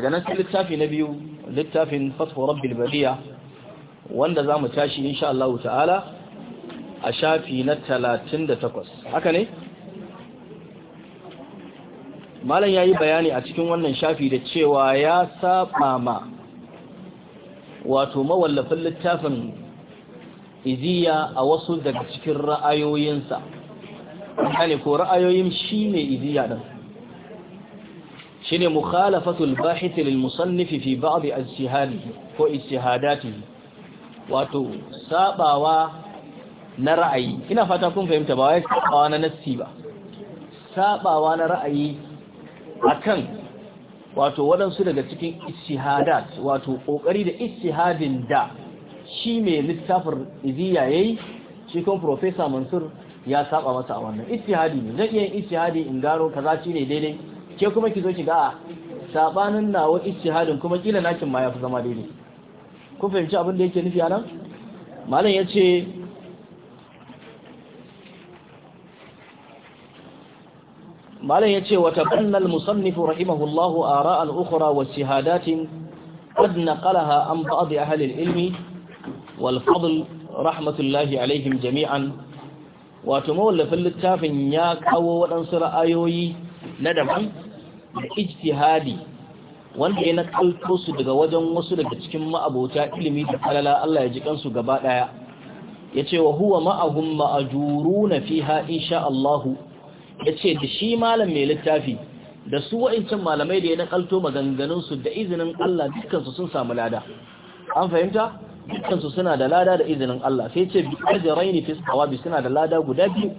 daga nan sai littafi na biyu littafin fatwa rabbil wanda za mu tashi insha Allah ta'ala a shafi na takwas, haka ne malam yayi bayani a cikin wannan shafi da cewa ya saba ma wato mawallafin littafin iziya a wasu daga cikin ra'ayoyinsa ne ko ra'ayoyin ne iziya ɗin shine mukhalafatul bahith lil musannif fi ba'd al-shahadi ko ijtihadatihi wato sabawa na ra'ayi ina fata kun fahimta ba wai sabawa na nassi ba sabawa na ra'ayi akan wato wadansu daga cikin ijtihadat wato kokari da ijtihadin da shi mai littafin iziya yayi shi kuma professor Mansur ya saba masa a wannan ijtihadi ne zai iya ijtihadi in gano kaza shine daidai ke kuma ki zo ki ga sabanin nawa ijtihadin kuma kila nakin ma yafi zama daidai ku fahimci abin da yake nufi anan malam yace malam yace wa tabanna al-musannif rahimahullahu ara'a al-ukhra wa shahadatin qad naqalaha an ba'd ahli al-ilm wal fadl rahmatullahi alaihim jami'an wato mawallafin littafin ya kawo waɗansu ra'ayoyi na daban da ijtihadi wanda ya nakalto su daga wajen wasu daga cikin ma'abota ilimi da falala Allah ya ji kansu gaba daya yace wa huwa ma'ahum ma'ajuruna fiha insha Allah yace da shi malam mai littafi da su wa'incin malamai da ya nakalto maganganun su da izinin Allah dukkan su sun samu lada an fahimta dukkan su suna da lada da izinin Allah sai yace bi ajrayni fi sawabi suna da lada guda biyu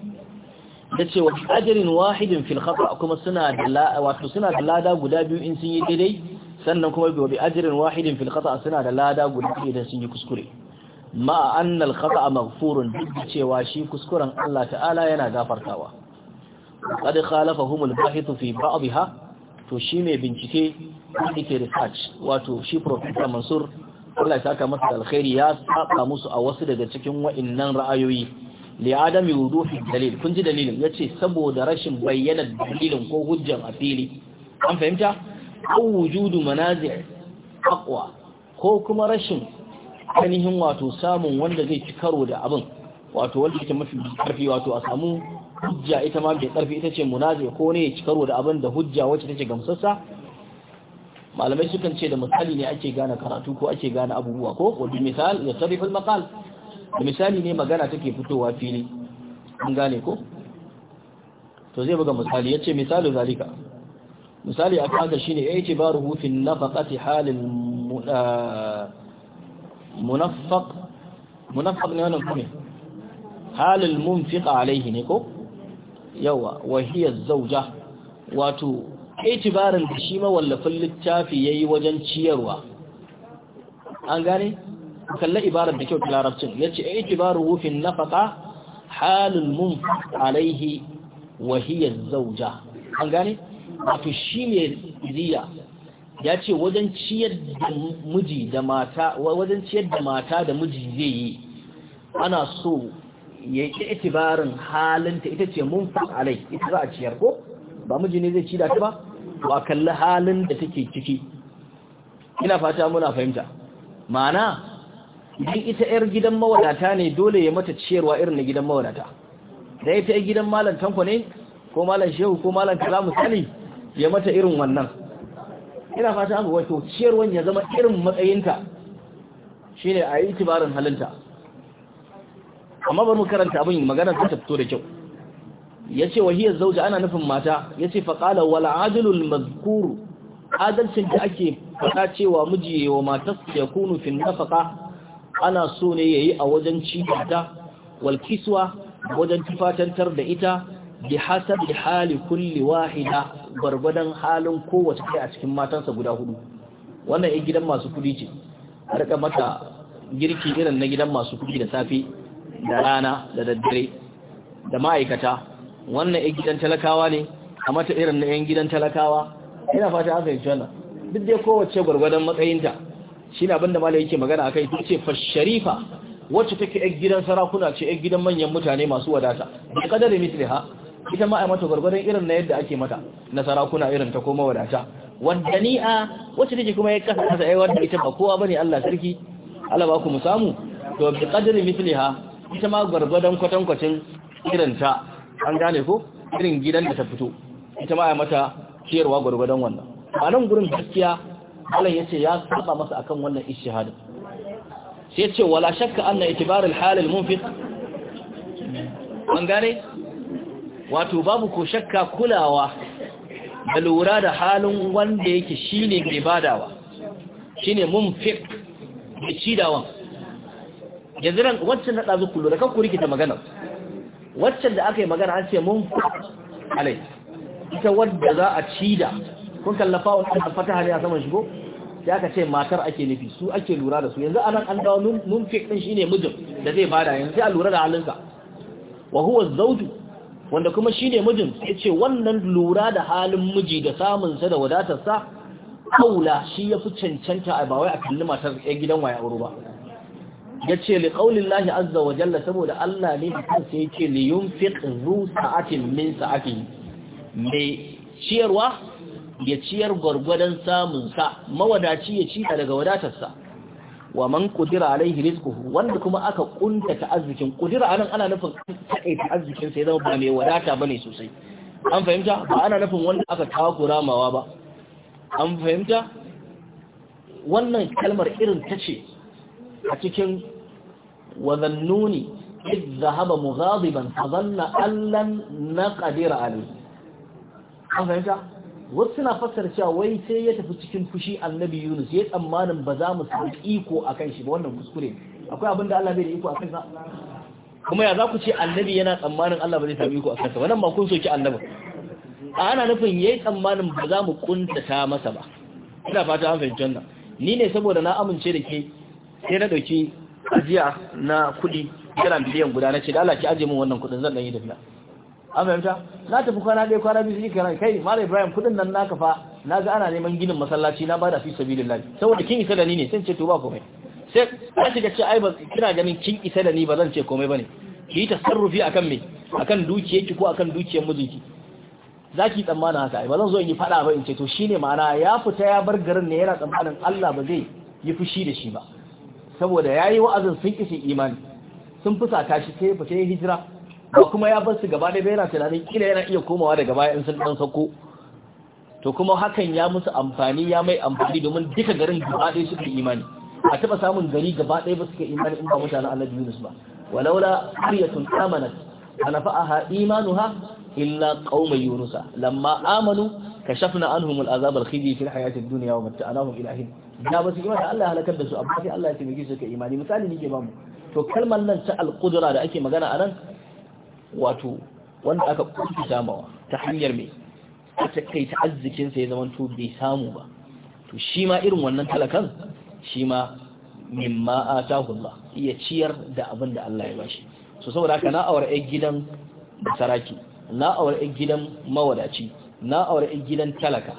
ce wa ajirin wahidin fil kuma suna da lada guda biyu in sun yi daidai sannan kuma bi ajirin wahidin fil khata suna da lada guda biyu idan sun yi kuskure ma anna a khata maghfurun duk cewa shi kuskuren Allah ta'ala yana gafartawa qad humul al bahithu fi ba'dha to shi ne bincike yake research wato shi professor Mansur Allah ya saka masa alkhairi ya saka musu a wasu daga cikin wa'annan ra'ayoyi li adami wuduhi dalil kun ji dalilin yace saboda rashin bayyana dalilin ko hujjan a fili an fahimta aw wujudu manazi' aqwa ko kuma rashin ainihin wato samun wanda zai ci karo da abin wato wanda yake mafi karfi wato a samu hujja ita ma bai karfi ita ce munazi ko ne ya ci karo da abin da hujja wacce take gamsassa malamai sukan ce da misali ne ake gane karatu ko ake gane abubuwa ko wadda misal ya sarrafa makal da misali ne magana take fitowa fili an gane ko to zai buga misali yace misalu zalika misali a kaga shine ya ce baruhu fi nafaqati halin ah, munaffaq munaffaq ne wannan kuma halin munfiq alaihi ne ko yawa wa hiya zawja wato itibarin da shi mawallafin littafi ya yi wajen ciyarwa an gane kalla ibarar da kyau ta larabcin yace itibaru wufin nafaka halin mun alaihi wahiyar zauja an gane wato shi ne ziya ya ce wajen ciyar da mata da miji zai yi ana so ya yi itibarin halinta ita ce munfaq alai ita za a ciyar ko ba miji ne zai ci da ta ba ba kalli halin da take ciki ina fata muna fahimta ma'ana idan ita yar gidan mawadata ne dole ya mata ciyarwa irin na gidan mawadata da ita yar gidan malam tanko ne ko malam shehu ko malam kaza misali ya mata irin wannan ina fata aka wato ciyarwan ya zama irin matsayinta shine a yi tibarin halinta amma bari mu karanta abin magana ta fito da kyau yace wahiyar zauja ana nufin mata yace qala wal adlul mazkur adalcin da ake fada cewa miji wa matar ya kunu fi nafaka ana so ne ya yi a wajen cibata walkiswa wajen tufatantar da ita bi hasab hali kulli wahida gwargwadon halin kowace kai a cikin matansa guda hudu wannan yin gidan masu kudi ce a rika mata girki irin na gidan masu kudi da safe da rana da daddare da ma'aikata wannan yin gidan talakawa ne a mata irin na yan gidan talakawa ina fata an fahimci wannan duk dai kowace gwargwadon matsayinta Shi shine abinda malai yake magana akai ce fa sharifa wacce take yan gidan sarakuna ce yan gidan manyan mutane masu wadata bi kadari misliha ita ma ai mata gargadan irin na yadda ake mata na sarakuna irin ta koma wadata wadani'a wacce take kuma ya kasa kasa ai wanda ita ba kowa bane Allah sarki Allah ba ku mu samu to bi kadari misliha ita ma kwatan kwacin irin ta an gane ko irin gidan da ta fito ita ma ai mata ciyarwa gargadan wannan a nan gurin gaskiya Allah ce ya saba masa akan wannan ishihadin sai ce wala shakka anna itibar al-hal al-munfiq an wato babu ko shakka kulawa da lura da halin wanda yake shine mai badawa shine munfiq mai cidawan yanzu wancan na ɗazu kullu da kan ku rikita magana wancan da aka yi magana an ce mun alai ita wadda za a cida kun kallafa wa da fataha ne a saman shigo sai aka ce matar ake nufi su ake lura da su yanzu a nan an dawo fi ɗin shi ne mijin da zai bada yanzu sai a lura da halinsa wa huwa wanda kuma shi ne mijin sai ce wannan lura da halin miji da samun sa da wadatarsa sa kaula shi yafi cancanta a bawai a kalli matar ɗan gidan waya aure ba yace li lahi azza wa jalla saboda Allah ne kansa ce li yunfiq zu sa'atin min sa'ati mai ciyarwa ya ciyar gwargwadon samunsa mawadaci ya ciyar daga wadatarsa wa man kudira alaihi rizquhu wanda kuma aka kunta ta arzikin kudira anan ana nufin kai ta sai zama ba mai wadata bane sosai an fahimta ba ana nufin wanda aka takura mawa ba an fahimta wannan kalmar irin ta ce a cikin wazannuni idh zahaba mughadiban fa dhanna allan naqdir alayhi an fahimta wasu suna fassara cewa wai sai ya tafi cikin fushi annabi yunus ya tsammanin ba za mu samu iko a kan shi ba wannan kuskure akwai abin da allah bai da iko a kansa kuma ya za ku ce annabi yana tsammanin allah ba zai samu iko a kansa wannan ba kun soki annabi a ana nufin ya yi tsammanin ba za mu kuntata masa ba ina fata an fahimci wannan ni ne saboda na amince da ke sai na ɗauki ajiya na kuɗi yana biliyan guda na ce da allah ki ajiye min wannan kuɗin zan ɗan yi da an fahimta na tafi kwana ɗaya kwana biyu suke ran kai mara ibrahim kudin nan naka fa na ga ana neman ginin masallaci na bada fi sabilillahi saboda kin isa da ni ne sai ce to ba komai sai ka shiga ce ai ba kina ganin kin isa da ni ba zan ce komai bane ki yi tasarrufi akan me akan ki ko akan dukiyar mijinki zaki tsammana haka ai ba zan zo in yi fada ba in ce to shine ma'ana ya fita ya bar garin ne yana tsammanin Allah ba zai yi fushi da shi ba saboda yayi wa'azin sun kisi imani sun fusata shi sai fita ya hijira ba kuma ya bar su gaba da bai yana tunanin kila yana iya komawa daga baya in sun dan sako to kuma hakan ya musu amfani ya mai amfani domin duka garin gaba ɗaya suka imani a taɓa samun gari gaba ɗaya ba suka imani in ba mutanen annabi Yunus ba walaula qaryatun amanat anfa'aha imanuha illa qauma yunusa lamma amanu kashafna anhum al'azab al-khizi fi al-hayat ad-dunya wa mata'nahum ila hin da ba su imani Allah halakar da su amma sai Allah ya taimake su ka imani misali nake ba mu to kalmar nan ta al-qudra da ake magana a nan. wato wanda aka kuntu samawa ta hanyar mai a ta arzikinsa ya zama to bai samu ba to shi ma irin wannan talakan shi ma ta hulla, iya ciyar da abin da Allah ya bashi so saboda haka na awar ɗan gidan saraki na ɗan gidan mawadaci na awar ɗan gidan talaka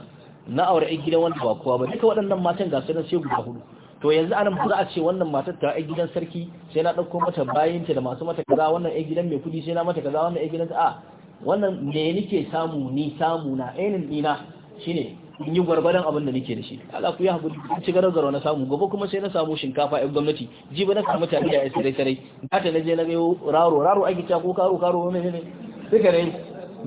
na awar ɗan gidan wanda ba kowa ba duka waɗannan matan ga su sai guda hudu to yanzu anan mutu za a ce wannan matar ta ai gidan sarki sai na dauko mata bayanta da masu mata kaza wannan ai gidan mai kudi sai na mata kaza wannan ai gidan a wannan me nake samu ni samu na ainin dina shine in yi gwargwadon abin da nake da shi ala ku ya hakuri in ci gargaro na samu gobe kuma sai na samu shinkafa yan gwamnati ji ba na samu tafi a sarai sarai na ta naje na gayo raro raro ake ta ko karo karo ne mai suka ne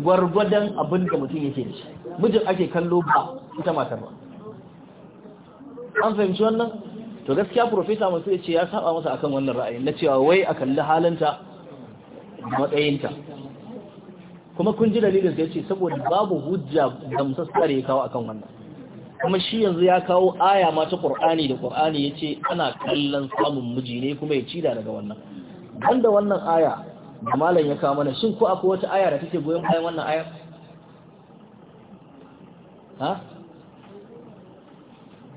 gwargwadon abin da mutum yake da shi mijin ake kallo ba ita matar ba an fahimci wannan to gaskiya profesa masu ya ce ya saba masa akan wannan ra'ayin na cewa wai a kalli halinta matsayinta kuma kun ji dalilin da ya ce saboda babu hujja da musassar ya kawo akan wannan kuma shi yanzu ya kawo aya ma ta qur'ani da qur'ani ya ce ana kallon samun miji ne kuma ya ci da daga wannan dan da wannan aya da malam ya kawo mana shin ko akwai wata aya da take goyon bayan wannan aya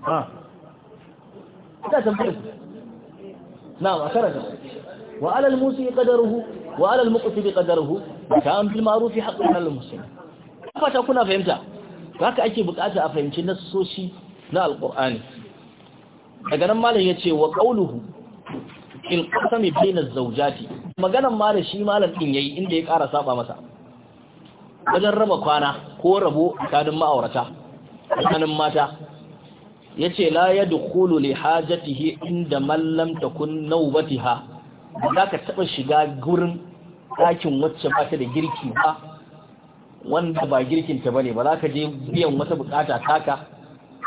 ha ina tambayar ku na'am a karanta wa alal musi qadaruhu wa alal muqtidi qadaruhu kan bil ma'ruf haqqan lil kuna fahimta haka ake bukata a fahimci nassoshi na Alƙur'ani? daga nan malam yace wa qawluhu il qasami bayna zawjati maganan malam shi malam ya yi inda ya ƙara saba masa wajen raba kwana ko rabo tsakanin ma'aurata tsakanin mata yace la yadkhulu li hajatihi inda man lam takun nawbatiha ba za ka taba shiga gurin ɗakin wacce ba ta da girki ba wanda ba girkin ba ne ba za ka je biyan wata bukata taka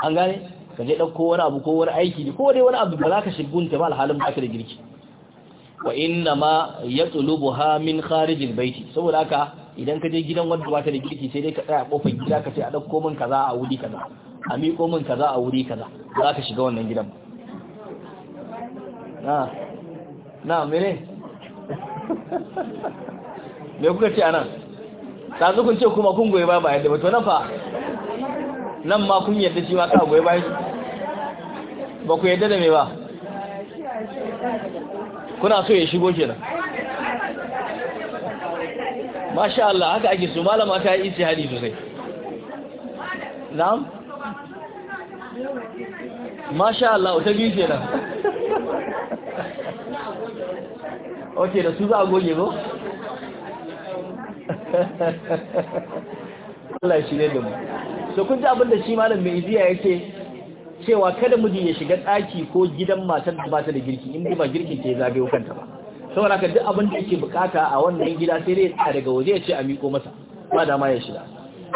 an gane ka je ɗauko wani abu ko wani aiki ko dai wani abu ba za ka ta ba alhalin ba ta da girki wa inna ma ya tsulubu ha min kharijin baiti saboda haka idan ka je gidan wanda ba ta da girki sai dai ka tsaya kofar gida ka ce a ɗauko min kaza a wuri kaza a miƙo min kaza a wuri kaza za ka shiga wannan gidan na na mene me kuka ce anan ta kun ce kuma kun goyi ba yadda ba to na fa nan ma kun yadda shi ma ka goyi ba ba ku yadda da me ba kuna so ya shigo kenan masha Allah haka ake so malama ta yi ijtihadi sosai na'am masha Allah ta biyu nan. ok da su za a goge ba Allah shi ne da mu so kun ji abinda shi malam mai ya yake cewa kada muji ya shiga ɗaki ko gidan matan da bata da girki in ba girkin ke zaɓe kanta ba saboda ka duk abinda da yake bukata a wannan gida sai dai daga waje ya ce a miko masa ba dama ya shiga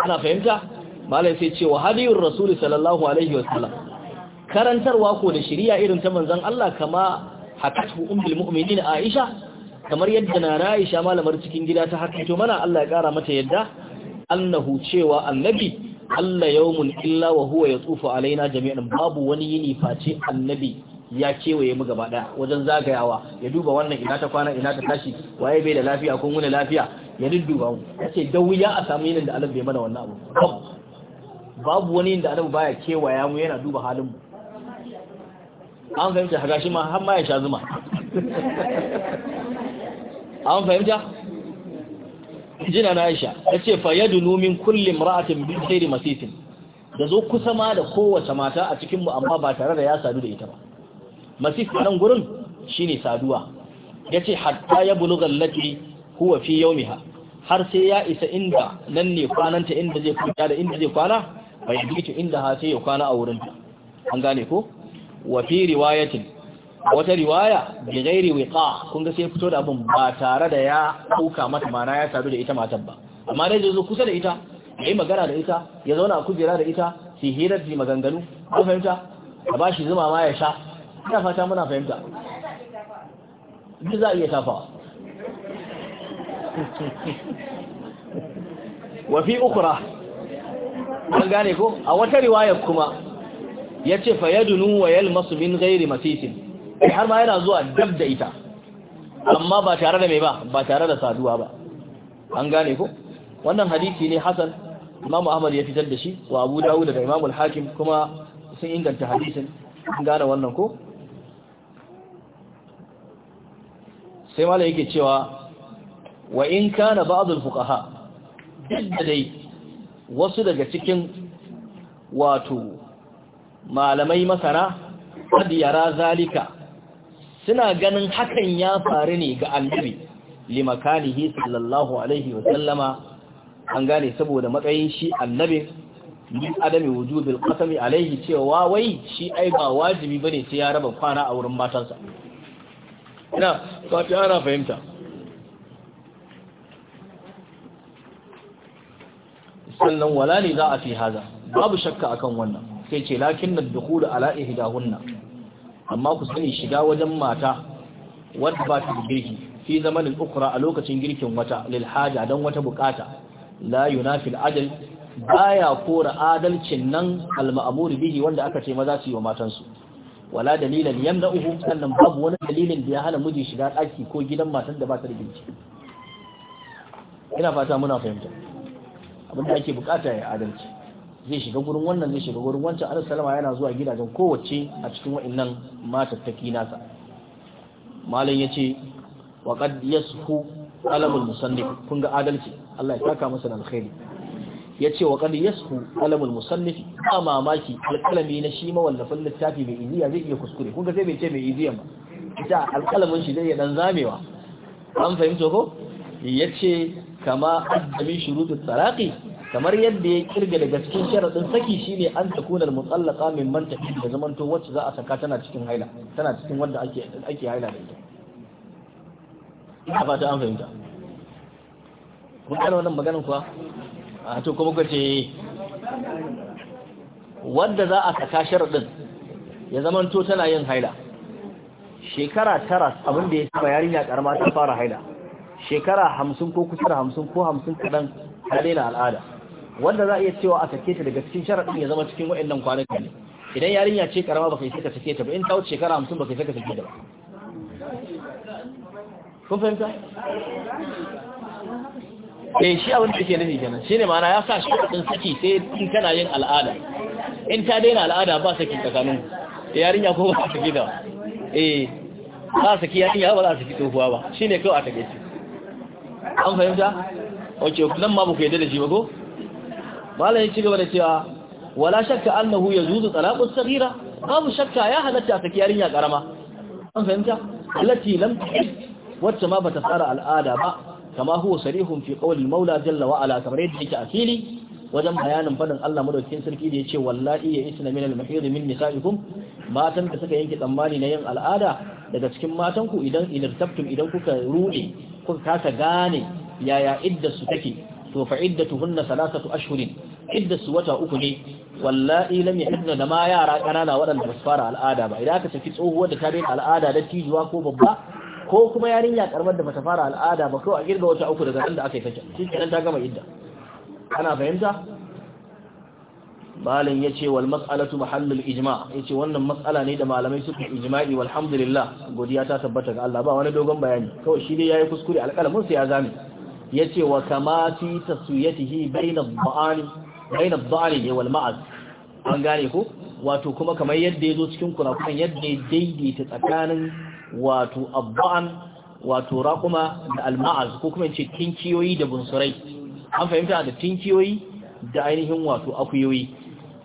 ana fahimta malai sai ce wa hadiyur rasul sallallahu alaihi wasallam karantarwa ko da shiriya irin ta manzon Allah kama hakatu ummul mu'minin Aisha kamar yadda na Aisha malamar cikin gida ta hakato mana Allah ya kara mata yadda annahu cewa annabi Allah yawmun illa wa huwa tsufa alaina jami'an babu wani yini face annabi ya kewaye mu gaba daya wajen zagayawa ya duba wannan ina ta kwana ina ta tashi waye bai da lafiya kun wani lafiya ya dudduba mu yace da wuya a samu yinin da Allah bai mana wannan abu babu wani da annabi baya kewaya mu yana duba halin mu an fahimta haka shi ma har ma ya sha zuma an fahimta jina na Aisha yace fa yadunu min kulli imra'atin bi khairi masitin da zo kusa ma da kowace mata a cikin mu amma ba tare da ya sadu da ita ba masif nan gurin shine saduwa yace hatta ya bulugha allati huwa fi yawmiha har sai ya isa inda nan ne kwananta inda zai kwana da inda zai kwana bai ce inda ha sai ya kwana a wurin an gane ko Wafi riwayatin wata riwaya bi ghairi wiqa kun ga sai fito da abin ba tare da ya dauka mata mana ya sadu da ita matan ba amma dai zo kusa da ita yayi magana da ita ya zauna a kujera da ita shi hirar ji maganganu ko fahimta a bashi zuma ma ya sha ina fata muna fahimta duk za a iya tafawa wa fi ukhra an gane ko a wata riwayar kuma ya ce fa yadunu wa yalmasu min ghairi masisin har ma yana zuwa dab da ita amma ba tare da mai ba ba tare da saduwa ba an gane ko wannan hadisi ne hasan imamu ahmad ya fitar da shi wa abu dawud da imamu al-hakim kuma sun inganta hadisin an gane wannan ko sai malai yake cewa wa in kana ba'd al-fuqaha dai wasu daga cikin wato malamai masana hadiyara zalika suna ganin hakan ya faru ne ga annabi limakanihi sallallahu alaihi wa sallama an gane saboda matsayin shi annabi min adami wujubil qasami alaihi cewa wai shi ai ba wajibi bane sai ya raba kwana a wurin matansa ina ka fahimta sannan wala ne za a fi haza babu shakka akan wannan sai ce lakin da dukulu ala ihdahunna amma ku sani shiga wajen mata wadda ba ta girki fi zamanin ukra a lokacin girkin wata lil haja dan wata bukata la yunafi al ajal baya kora adalcin nan al ma'mur bihi wanda aka ce maza su yi wa matansu wala dalilan yamna'uhu sannan babu wani dalilin da ya hana miji shiga daki ko gidan matan da ba ta da girki ina fata muna fahimta abinda ake bukata ya adalci zai shiga gurin wannan zai shiga gurin wancan alaihi salama yana zuwa gidajen kowace a cikin wa'annan matattaki nasa malam yace wa qad yashu alamul musannif kun ga adalci Allah ya saka masa da alkhairi yace wa qad yashu alamul musannif amma maki alkalami na shi mawallafin littafi mai iziya zai iya kuskure kun ga sai bai ce mai iziya ba ita alkalamin shi zai dan zamewa an fahimta ko yace kama adami shurutu saraki kamar yadda ya kirga daga cikin sharadin saki shine an kunar mutsallaqa min man ta da zaman to wacce za a saka tana cikin haila tana cikin wanda ake ake haila da ita ina fata an fahimta kun kana wannan maganar kuwa a to kuma kace wanda za a saka sharadin ya zaman to tana yin haila shekara tara abin da ya saba yarinya karama ta fara haila shekara hamsin ko kusur hamsin ko hamsin kaɗan ta daina al'ada wanda za a iya cewa a sake ta daga cikin sharaɗin ya zama cikin wa'annan kwanaki ne idan yarinya ce karama ba yi saka sake ta ba in ta wuce shekara hamsin ba yi saka sake ta ba kun fahimta eh shi abin da ke nufi kenan shine ma'ana ya sa sharaɗin saki sai in kana yin al'ada in ta daina al'ada ba saki tsakanin yarinya ko ba saki da eh ba saki yarinya ba za a saki tsohuwa ba shine kawai a take an fahimta ok nan ma ku yadda da shi ba ko malam ya ci gaba da cewa wala shakka annahu zuzu talaqus saghira babu shakka ya halatta a saki yarinya karama an fahimta allati lam tahid wacce ma ta tsara al'ada ba kama huwa sarihun fi qawli al-maula jalla wa ala kamar yadda yake asili wajen bayanin fadin Allah madaukakin sarki da ya ce wallahi ya isna min al-mahid min nisaikum matan da suka yanke tsammani na yin al'ada daga cikin matanku ku idan idan tabtum idan kuka ruɗe kun kasa gane yaya idda su take to fa iddatuhunna salasatu ashhurin idda su wata uku ne wallahi lam yahidna da ma yara kanana waɗanda basu fara al'ada ba idan aka saki tsohuwar da ta daina al'ada da tijuwa ko babba ko kuma yarinya karbar da bata fara al'ada ba ko a girga wata uku daga nan da aka yi take shi kenan ta gama idda ana fahimta malam ya ce wal mas'alatu mahallul ijma ya ce wannan matsala ne da malamai suka ijma'i walhamdulillah godiya ta tabbata ga Allah ba wani dogon bayani kawai shi ya yayi kuskure alƙalamin sa ya zame ya ce wa kamati tasuyatihi bayna dha'ani bayna dha'ani wal ma'az an gane ko wato kuma kamar yadda yazo cikin kurakuran yadda ya daidaita tsakanin wato abba'an wato raquma da al ma'az ko kuma in ce tinkiyoyi da bunsurai an fahimta da tinkiyoyi da ainihin wato akuyoyi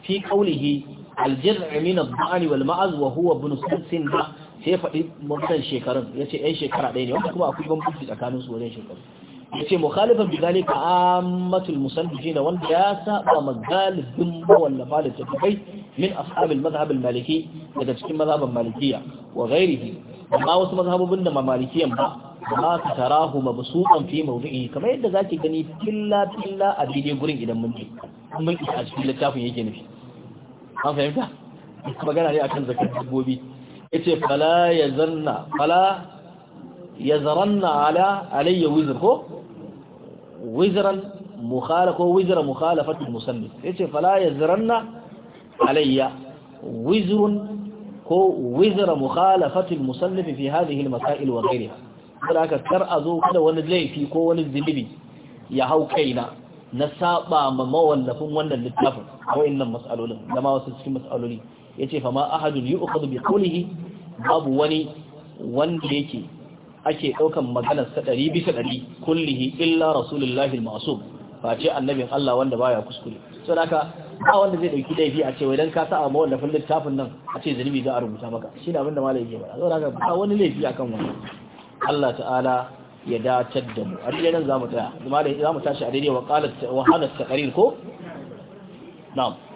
fi qawlihi al Amina min ad-da'n wal ma'az wa huwa ibn sinsin ba sai faɗi mutan shekarun yace ɗan shekara ɗaya ne wanda kuma akwai bambanci tsakanin su wajen shekaru yace mukhalifan bi zalika ammatul musannifin wanda ya saba magalibin wallafa da tafikai min ashab al-madhhab al-maliki daga cikin mazhaban malikiya wa ghairihi amma wasu mazhabobin da ma malikiyan ba ma ka tarahu mabsuqan fi mawdi'i kamar yadda zaki gani billa billa a daidai gurin idan mun ji mun ji a cikin littafin yake nufi an fahimta magana ne akan zakar dabbobi yace fala yazanna fala yazranna ala alayya wizr ko wizran mukhala ko wizra mukhalafati musannif yace fala yazranna alayya wizrun ko wizra mukhalafati musannif fi hadhihi al-masail wa ghayriha saboda kar a zo kada wani laifi ko wani zunubi ya hau kaina na saba ma mawallafin wannan littafin a wayannan mas'alolin da ma wasu cikin mas'aloli yace fa ma ahadun yu'khadhu bi qawlihi babu wani wanda yake ake daukan maganar sa 100 sa 100 kullihi illa rasulullahi al-ma'sum ce annabin Allah wanda baya kuskure saboda haka ba wanda zai dauki laifi a ce wai dan ka sa ma wallafin littafin nan a ce zunubi za a rubuta maka shine abin da malai yake ba saboda haka ba wani laifi akan wannan Allah ta'ala ya datar da mu a daidai nan za mu tsaya za mu tashi a daidai wa qalat wa hadat taqrir ko na'am